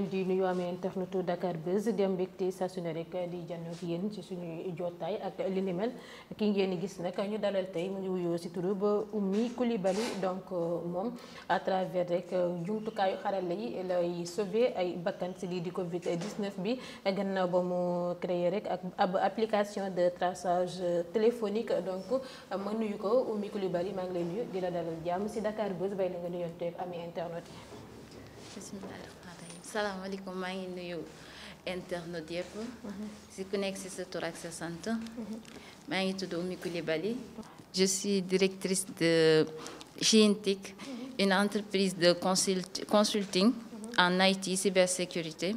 leen di nuyu amee internetu Dakar Buzz dem mbégte saa su ne rek di jànnoo ak ci suñuy jotaay ak li ni mel ki ngeen gis nag ñu dalal tey mu ngi wuyoo si turu ba ummi Oumy Coulibaly donc moom à travers rek jumtukaayu xarala yi lay sauver ay bakkan si lii di Covid 19 bi gannaaw ba mu créer rek ak ab application de trasage téléphonique donc ma yu ko Oumy Coulibaly maa ngi leen nuyu di la dalal jàmm si Dakar Buzz bay la nga nuyoon teeg amee internet yi. salaamaaleykum maa ngi yow internet yëpp. si ku nekk si sa tur ak sa sant. maa ngi tudd Oumi Coulibaly. je suis directrice de Gintic une entreprise de consult consulting en IT cybersécurité.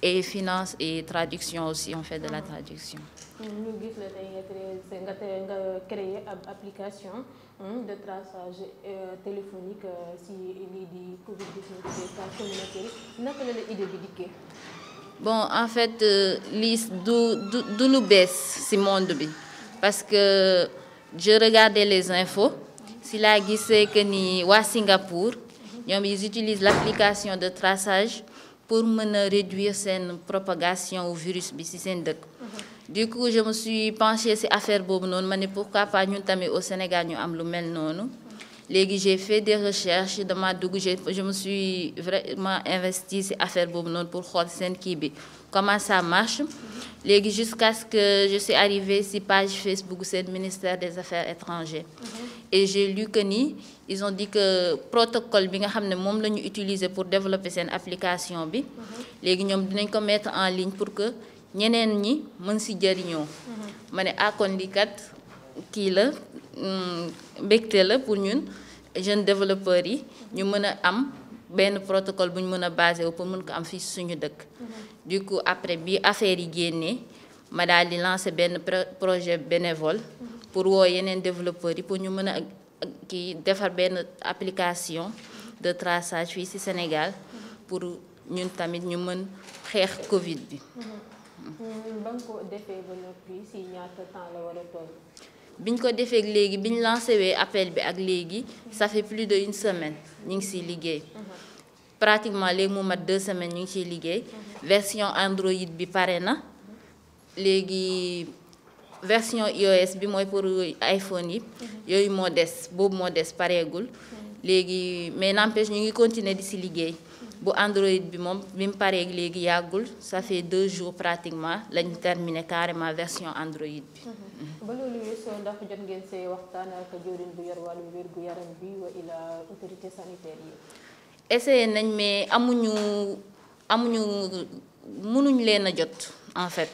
et finance et traduction aussi on fait de la traduction. ñu gis la tey nga nga créé ab application de traçage euh, téléphonique euh, si lii di Covid 19 cas communautaire naka la la idée bi dikkee. bon en fait euh, lii du du du lu monde bi parce que je regardais les infos si laa gisee que ni waa Singapour ñoom ils utilisent l'application de traçage. pour mën a réduire seen propagation virus bi si seen dëkk. Mhm. du coup je me suis penchée ci affaire boobu noonu ma ne pourquoi pas ñun tamit au Sénégal ñu am lu mel noonu. léegi j'ai fait des recherches dama dugg je me suis vraiment investie si affaire boobu noonu pour xool seen kii bi comment ça marche. Mhm. léegi jusqu'à ce que je suis arrivée ci page Facebook seen ministère des affaires étrangères. Mhm. et j'ai lu que ni ils ont dit que protocole bi nga xam ne moom la ñu utiliser pour développer seen application bi. Mhm. léegi ñoom dinañ ko mettre en ligne pour que ñeneen ñi mën si jëriñoo. Mhm. ma ne akon ah, li kat kii la hmm, mbegte la pour ñun jeune développeurs yi ñu mën a am. benn protocole bu ñu mën a basé wu pour mën ko am fii suñu dëkk. Mhm. du coup après bi affaire yi génnee ma daal di lancé benn projet bénévole. pour woo yeneen développeurs yi pour ñu mën ak kii defar benn application de traçage fii ci Sénégal pour ñun tamit ñu mën xeex Covid bi. ba ko defee ba biñ ko defee léegi biñ lancé wee appel bi ak léegi ça fait plus de une semaine ñu ngi ciy liggéey. pratiquement léegi mu mat deux semaines ñu ngi ciy liggéey. Mhm. version Android bi pare na léegi. version iOS bi mooy pour iPhone yi mhm. yooyu moo des boobu moo des pareegul mhm. léegi mais n'empêche ñu ngi continuer di si liggéey mhm. bu Android bi moom bi mu paree léegi yàggul sa fait deux jours pratiquement lañu terminé carrément version Android bi. ba loolu yëpp ndax jot ngeen see waxtaan ak jëwriñ bu yaram bi wa ila autorité sanitaire yi. essayé nañ mais amuñu amuñu mënuñ leen a jot en fait.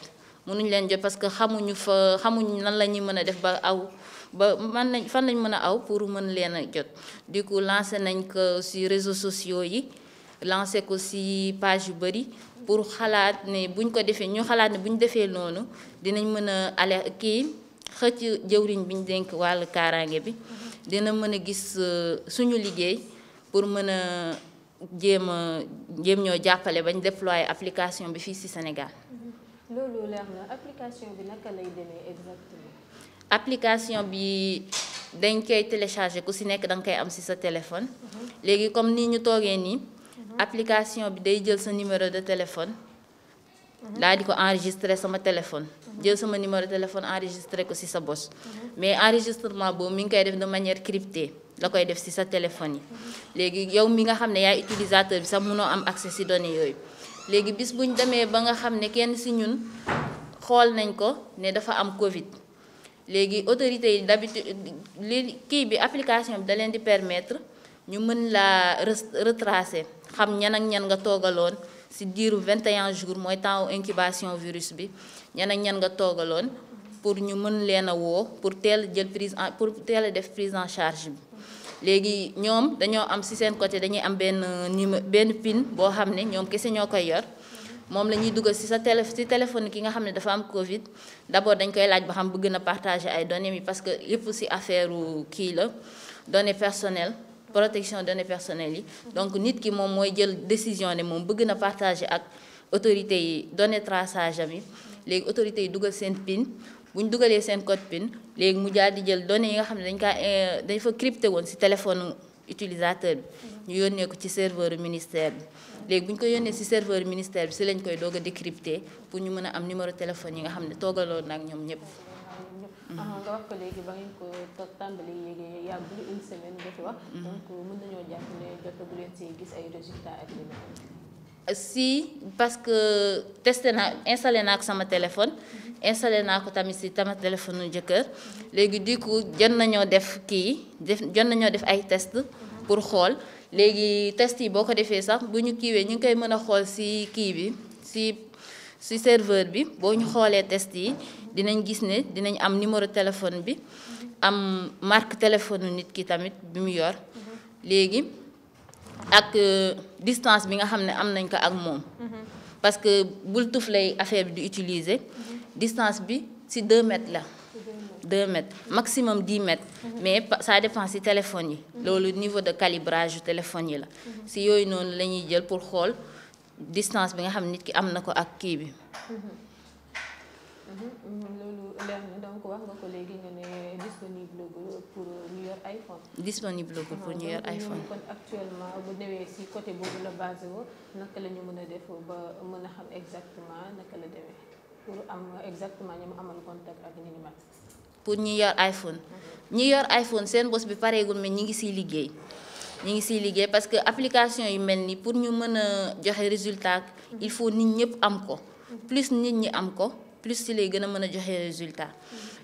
mënuñ leen jot parce que xamuñu fa xamuñ nan la ñuy mën a def ba aw ba man nañ fan lañ mën a aw pour mën leen a jot du coup lancé nañ ko si réseaux sociaux yi lancé ko si page yu bëri pour xalaat ne buñ ko defee ñu xalaat ne bu ñu defee noonu dinañ mën a ale kii xëcc jëwriñ bi ñu dénk wàllu kaaraange bi dina mën a gis euh, suñu liggéey pour mën a jéem a jéem ñoo jàppale bañ déployer application bi fii ci Sénégal loolu leer application bi naka lay demee bi dañ koy télécharger ku si nekk da nga koy am si sa téléphone. Mhm. léegi comme nii ñu toogee nii. Mhm. application bi day jël sa numéro de téléphone. Mhm. daal ko enregistre sama téléphone. jël sama numéro téléphone enregistrer ko si sa bos. mais enregistrement boobu mi ngi koy def de manière cryptée la koy def si sa téléphone yi. léegi yow mi nga xam ne yaay utilisateur bi sax mënoo am accès si données yooyu. léegi bis bu ñu demee ba nga xam ne kenn si ñun xool nañ ko ne dafa am Covid léegi autorités yi d'habitude li kii bi application bi da leen di permettre ñu mën laa retracer xam ñan ak ñan nga toogaloon si diiru 21 jours mooy temps incubation virus bi ñan ak ñan nga toogaloon pour ñu mën leen a woo pour teel jël prise en pour teel a def prise en charge bi. léegi ñoom dañoo am si seen côté dañuy am benn euh, numéro benn pin boo xam ne ñoom kese ñoo koy yor moom la ñuy dugal si sa télé si téléphone ki nga xam ne dafa am Covid d' abord dañ koy laaj ba xam bëgg na partager ay données mi parce que lépp si affaire kii la données personnel protection données personnelles yi. donc nit ki moom mooy jël décision ne moom bëgg na partager ak autorités yi données traçage am yi léegi autorités yi dugal seen pin. bu ñu dugalee seen code PIN léegi mu daal di jël données yi nga xam ne dañ kaa eh, dañ fa crypté woon si téléphone utilisateur bi ñu yónnee ko ci serveur ministère bi léegi bu ko yónnee si serveur ministère bi si lañ koy doog a décrypté pour ñu mën a am numéro téléphone yi nga xam ne toogaloon nag ñoom ñëpp ah, nga wax ko léegi ba ngeen ko tàmbali yéegi yàggul une semaine nga ci wax mm-hmm. donc mën nañoo jàpp ne jotagu leen si gis ay résultats ak si parce que testé naa installé naa ko sama téléphone mhm. installé naa ko tamit si sama téléphone nu jëkkër léegi du coup jot nañoo def kii def jot nañoo def ay test mhm. pour xool léegi test yi boo ko defee sax bu ñu kiiwee ñu ngi koy mën a xool si kii bi si si serveur bi boo ñu xoolee test yi dinañ gis ne dinañ am numéro téléphone bi mhm. am marque téléphone nit ki tamit bi mu yor léegi ak euh, distance bi nga xam ne am nañ ko ak moom mm-hmm. parce que bul tuf lay affaire bi di utiliser mm-hmm. distance bi ci deux mètres la mm-hmm. deux mètres maximum dix mètres mais ça dépend ci téléphone yi loolu niveau de calibrage téléphone yi la si yooyu noonu la ñuy jël pour xool distance bi nga xam nit ki am na ko ak kii bi pour euh, ñu yor iPhone. disponible ko pour ñu yor iPhone. actuellement bu demee si côté boobu la basé woo la ñu mën a def ba mën a xam exactement am exactement ñu amal contact ak pour ñi yor iPhone. ñi yor iPhone seen bos bi pareegul mais ñi ngi siy liggéey. ñu ngi siy liggéey parce que application yi mel nii pour ñu mën a joxe résultat il faut nit ñëpp am ko. plus nit ñi am ko. plus ci lay gën a mën a joxe résultat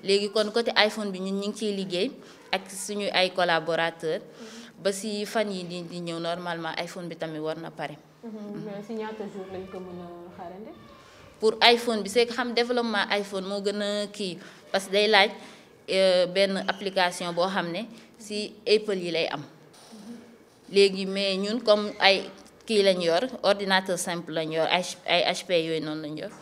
léegi kon côté iPhone bi ñun ñu ngi ciy liggéey ak suñu ay collaborateurs ba si fan yi di di ñëw normalement iPhone bi tamit war na pare. Mhm, si ko mën a xaarandi. pour iPhone bi c'est xam développement iPhone moo gën a kii parce que day laaj euh, benn application boo xam ne si Apple yi lay am léegi mais ñun comme ay kii lañ yor ordinateur simple lañ yor ay HP yooyu noonu lañ yor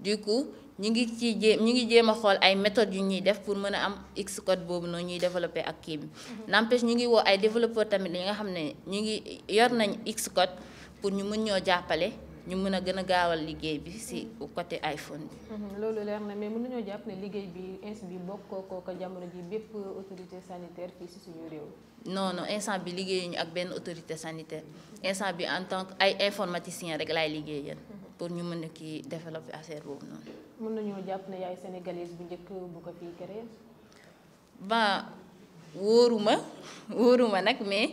du coup. ñu ngi ci jéem ñi ngi jéem a xool ay méthodes yu ñuy def pour mën a am x code boobu noonu ñuy développé ak kii bi mm-hmm. n'empêche ñu ngi woo ay développeur tamit yi nga xam ne ñu ngi yor nañ x code pour ñu mën ñoo jàppale ñu mën a gën a gaawal liggéey bi si côté iPhone bi. Mm-hmm. loolu leer na mais mën nañoo jàpp ne liggéey bi instant bi bokkoo ko jamono ji bépp autorité sanitaire fii si suñu réew. non non instant bi liggéeyuñu ak benn autorité sanitaire instant bi en tant que ay informaticien rek laay liggéeyal. Mm-hmm. pour ñu mën a kii développer affaire boobu noonu. mën nañoo jàpp ne yaay sénégalaise bu njëkk bu ko fii créé. ben wóoruma wóoruma nag mais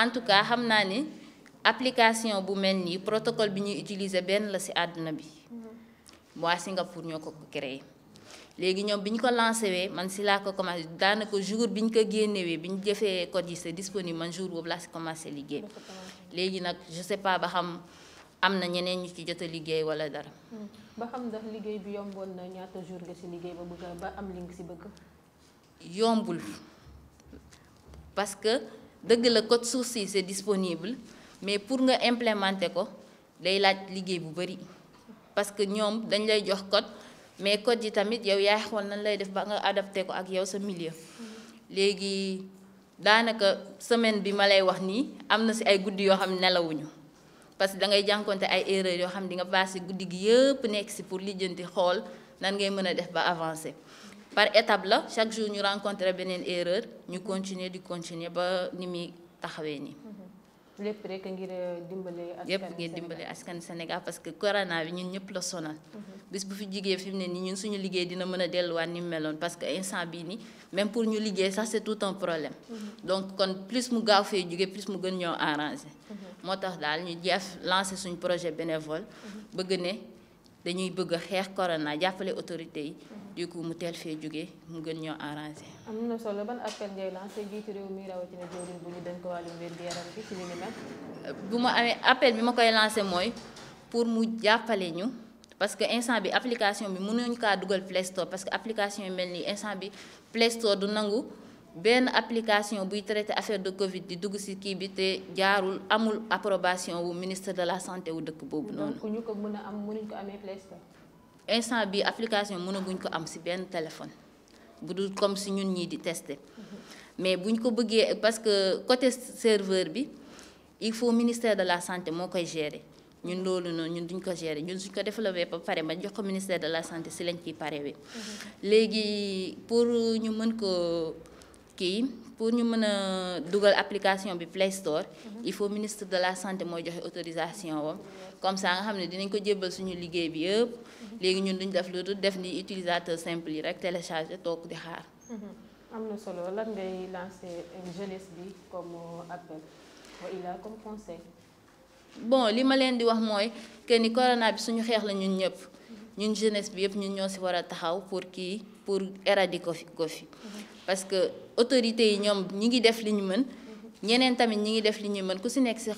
en tout cas xam naa ni application bu mel nii protocole bi ñuy utiliser benn la si àdduna bi. Mm-hmm. waa Singapour ñoo ko créé. léegi ñoom bi ñu ko lancé we man si laa ko commencé daanaka jour bi ñu ko génnewee bi ñu defee code yi man jour boobu laa si commencé liggéey léegi nag je pas ba xam. am na ñeneen ñu ci jot a liggéey wala dara. Hmm. ba xam ndax liggéey bi yomboon na ñaata jour nga ci liggéey ba bëgg ba am li nga ci bëgg. yombul parce que dëgg la code source si c'est disponible mais pour nga implémenter ko day laaj liggéey bu bari parce que ñoom dañ lay jox code mais code yi tamit yow yaay xool nan lay def ba nga adapté ko ak yow sa milieu. Hmm. léegi daanaka semaine bi ma lay wax nii am na si ay guddi yoo xam nelawuñu. parce que da ngay jànkonte ay erreurs yoo xam di nga passé guddi gi yëpp nekk si pour lijjanti xool nan ngay mën a def ba avancer par étape la chaque jour ñu rencontré beneen erreur ñu continuer di continuer ba ni muy taxawee nii. Mm-hmm. lépp rek ngir euh, dimbale. yépp ngir dimbale askan Sénégal parce que corona bi ñun ñëpp la sonal. Mm-hmm. bis bu fi jigee fi mu ne nii ñun suñu liggéey dina mën a delluwaat ni meloon parce que instant bii nii même pour ñu liggéey sax c'est tout un problème. Mm-hmm. donc kon plus mu gaaw fee jugee plus mu gën ñoo arranger. moo tax daal ñu jeef lancé suñu projet bénévole bëgg ne dañuy bëgg a xeex corona jàppale autorité yi. du ko mu teel fee jógee mu gën ñoo arrangé. am na solo ban appel ngay lancé jiitu réew mi rawatina jëwriñ bu ñu dénk wàllum wér gu bi bu ma amee appel bi ma koy lancé mooy pour mu jàppale ñu parce que instant bi application bi mënuñu kaa dugal Play parce que application yi mel nii instant bi Play du nangu. benn application buy traité affaire de Covid di dugg ci kii bi te jaarul amul approbation wu ministre de la santé wu dëkk boobu noonu. ñu ko mën a am mënuñ ko amee Play Store. instant bi application mënaguñ ko am si benn téléphone bu dul comme si ñun ñii di tester. Mhm. mais bu buñ ko bëggee parce que côté serveur bi il faut ministère de la santé moo koy gérer ñun loolu noonu ñun duñ ko gérer ñun suñ ko développé ba pare ma jox ko ministère de la santé si lañ ki ciy parewee. Mhm. léegi pour ñu mën ko. kii pour ñu mën a dugal application bi Play il faut ministre de la santé mooy joxe autorisation wam comme ça nga xam ne dinañ ko jébbal suñu liggéey bi yëpp léegi ñun duñ def lu dul def ni utilisateur simple yi rek téléchargé toog di xaar mm-hmm. am na solo lan ngay lancé jeunesse bi comme appel walla comme bon li ma leen di wax mooy que ni corona bi suñu xeex la ñun ñëpp mm-hmm. ñun jeunesse bi yëpp ñu ñoo si war a taxaw pour kii pour éradiquer ko fi mm-hmm. parce que autorités yi ñoom ñi ngi def li ñu mën ñeneen tamit ñi ngi def li ñu mën ku si nekk si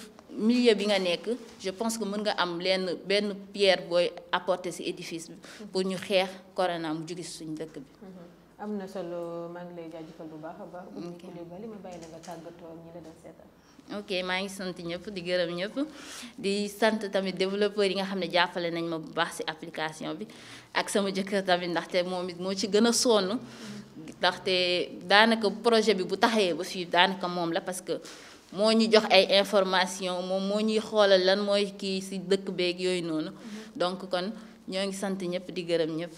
milieu bi nga nekk je pense que mën nga am lenn benn pierre booy apporter si édifice bi pour ñu xeex corona mu jóge suñu dëkk bi mm-hmm. na solo maa ngi lay jaajëfal bu baax ok tàggatoo ñi maa ngi sant ñëpp di gërëm ñëpp di sant tamit développeurs yi nga xam ne jàppale nañ ma bu baax ci application bi ak sama jëkkër tamit ndaxte moom it moo ci gën a sonn. ndaxte daanaka projet bi bu taxawee ba fii daanaka moom la parce que moo ñu jox ay information moom moo ñuy xoolal lan mooy kii ci dëkk beeg yooyu noonu mm-hmm. donc kon ñoo ngi sant ñëpp di gërëm ñëpp